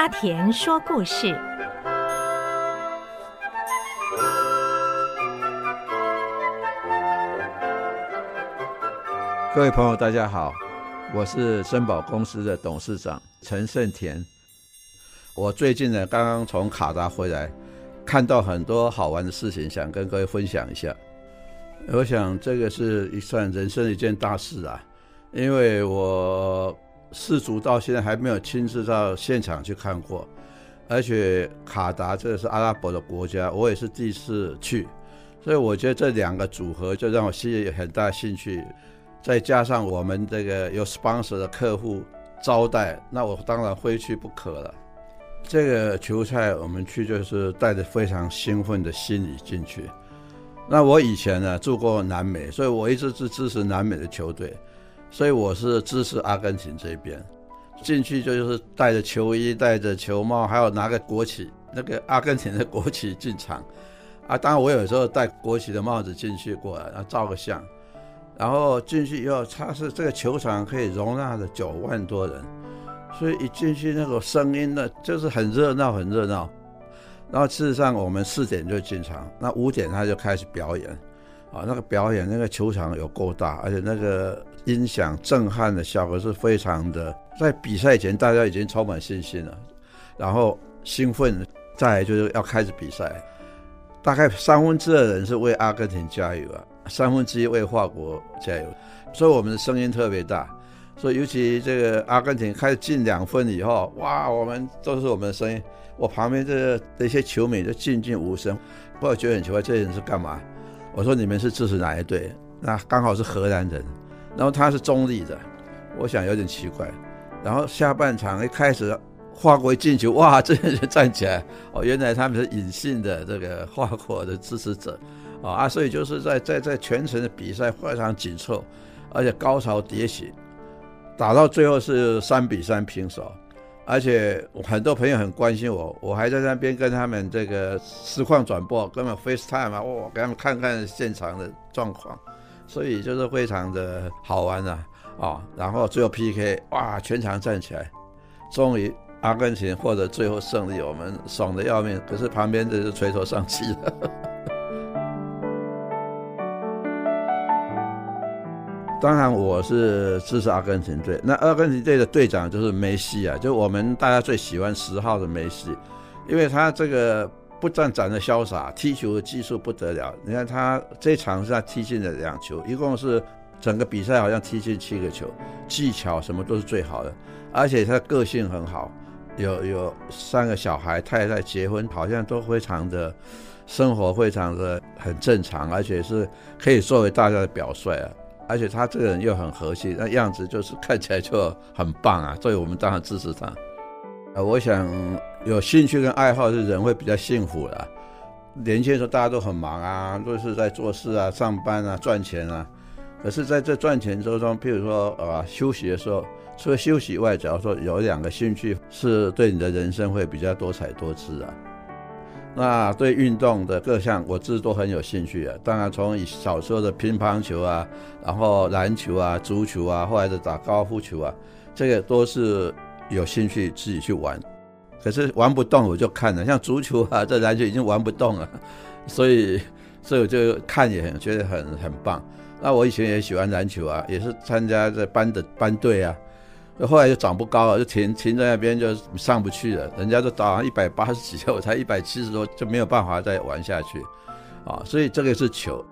阿田說故事。各位朋友，大家好，我是森寶公司的董事長陳勝田。我最近呢，剛剛從卡達回來，看到很多好玩的事情，想跟各位分享一下。我想這個是一算人生的一件大事啊，因為我。世足到現在還沒有親自到現場去看過，而且卡達這個是阿拉伯的國家，我也是第一次去，所以我覺得這兩個組合就讓我吸引很大興趣，再加上我們這個有 sponsor 的客戶招待，那我當然非去不可了。這個球賽我們去就是帶着非常興奮的心理進去。那我以前呢住過南美，所以我一直是支持南美的球隊。所以我是支持阿根廷這邊，進去就是戴着球衣、戴着球帽，還有拿個國旗，那個阿根廷的國旗進場，啊，當然我有時候戴國旗的帽子進去過來、啊，然後照個相，然後進去以後，它是這個球場可以容納的九萬多人，所以一進去那個聲音呢，就是很熱鬧，很熱鬧。然後事實上我們四點就進場，那五點他就開始表演。啊、哦，那個表演，那個球場有夠大，而且那個音響震撼的效果是非常的。在比賽前，大家已經充滿信心了，然後興奮。再來就是要開始比賽，大概三分之二的人是為阿根廷加油，啊，三分之一為法國加油，所以我們的聲音特別大。所以尤其這個阿根廷開始進兩分以後，哇，我們都是我們的聲音。我旁邊這個的一些球迷都靜靜無聲，不知道覺得很奇怪，這些人是幹嘛？我說你們是支持哪一隊？那剛好是荷蘭人，然後他是中立的，我想有點奇怪。然後下半場一開始，法國一進球，哇，這些人站起來，哦，原來他們是隱性的這個法國的支持者，啊、哦、啊，所以就是在在在全程的比賽非常緊湊，而且高潮迭起，打到最後是三比三平手。而且很多朋友很關心我，我還在那邊跟他們這個實況轉播，跟他們 FaceTime 啊，我給他們看看現場的狀況，所以就是非常的好玩啊啊、哦！然後最後 PK，哇，全場站起來，終於阿根廷獲得最後勝利，我們爽得要命。可是旁邊的是垂頭喪氣的。當然，我是支持阿根廷隊。那阿根廷隊的隊長就是梅西啊，就是我們大家最喜歡十號的梅西，因為他這個不但長得瀟灑，踢球的技術不得了。你看他這場是他踢進了兩球，一共是整個比賽好像踢進七個球，技巧什麼都是最好的。而且他個性很好，有有三個小孩，太太結婚，好像都非常的，生活非常的很正常，而且是可以作為大家的表率啊。而且他這個人又很和氣，那樣子就是看起來就很棒啊，所以我們當然支持他。啊，我想有興趣跟愛好的人會比較幸福的。年輕的時候大家都很忙啊，都、就是在做事啊、上班啊、賺錢啊。可是在這賺錢之中，譬如說啊、呃，休息的時候，除了休息以外，假如說有兩個興趣，是對你的人生會比較多彩多姿啊。那對運動的各項，我自己都很有興趣啊。當然，從小時候的乒乓球啊，然後籃球啊、足球啊，後來的打高爾夫球啊，這個都是有興趣自己去玩。可是玩不動，我就看了。像足球啊，這籃球已經玩不動了，所以所以我就看也很覺得很很棒。那我以前也喜歡籃球啊，也是參加這班的班隊啊。後來就長不高了，就停停在那邊就上不去了。人家都打一百八十幾，我才一百七十多，就沒有辦法再玩下去，啊、哦！所以這個是球。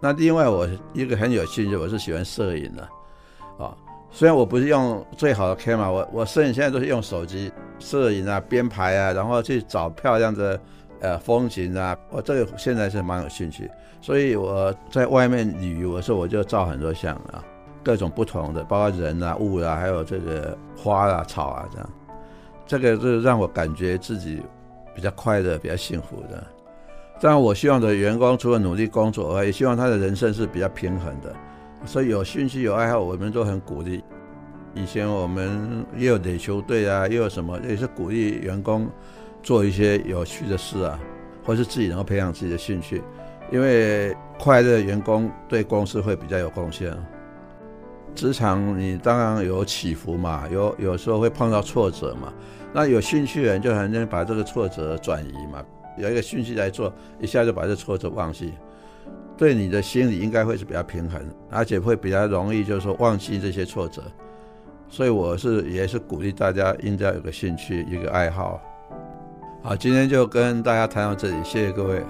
那另外我一個很有興趣，我是喜歡攝影的、啊，啊、哦，雖然我不是用最好的 camera，我我攝影現在都是用手機攝影啊，編排啊，然後去找漂亮的呃風景啊，我、哦、這個現在是蠻有興趣，所以我在外面旅遊的時候我就照很多相啊。各種不同的，包括人啊、物啊，還有這個花啊、草啊，這樣，這個是讓我感覺自己比較快樂、比較幸福的。但我希望的員工除了努力工作，也希望他的人生是比較平衡的。所以有興趣、有愛好，我們都很鼓勵。以前我們又有點球隊啊，又有什麼，也是鼓勵員工做一些有趣的事啊，或是自己能夠培養自己的興趣，因為快樂的員工對公司會比較有貢獻。職場你當然有起伏嘛，有，有時候會碰到挫折嘛。那有興趣的人就很容易把這個挫折轉移嘛，有一個興趣來做，一下就把這個挫折忘記。對你的心理應該會是比較平衡，而且會比較容易，就是說忘記這些挫折。所以我是也是鼓勵大家應該有個興趣，一個愛好。好，今天就跟大家談到這裡，謝謝各位。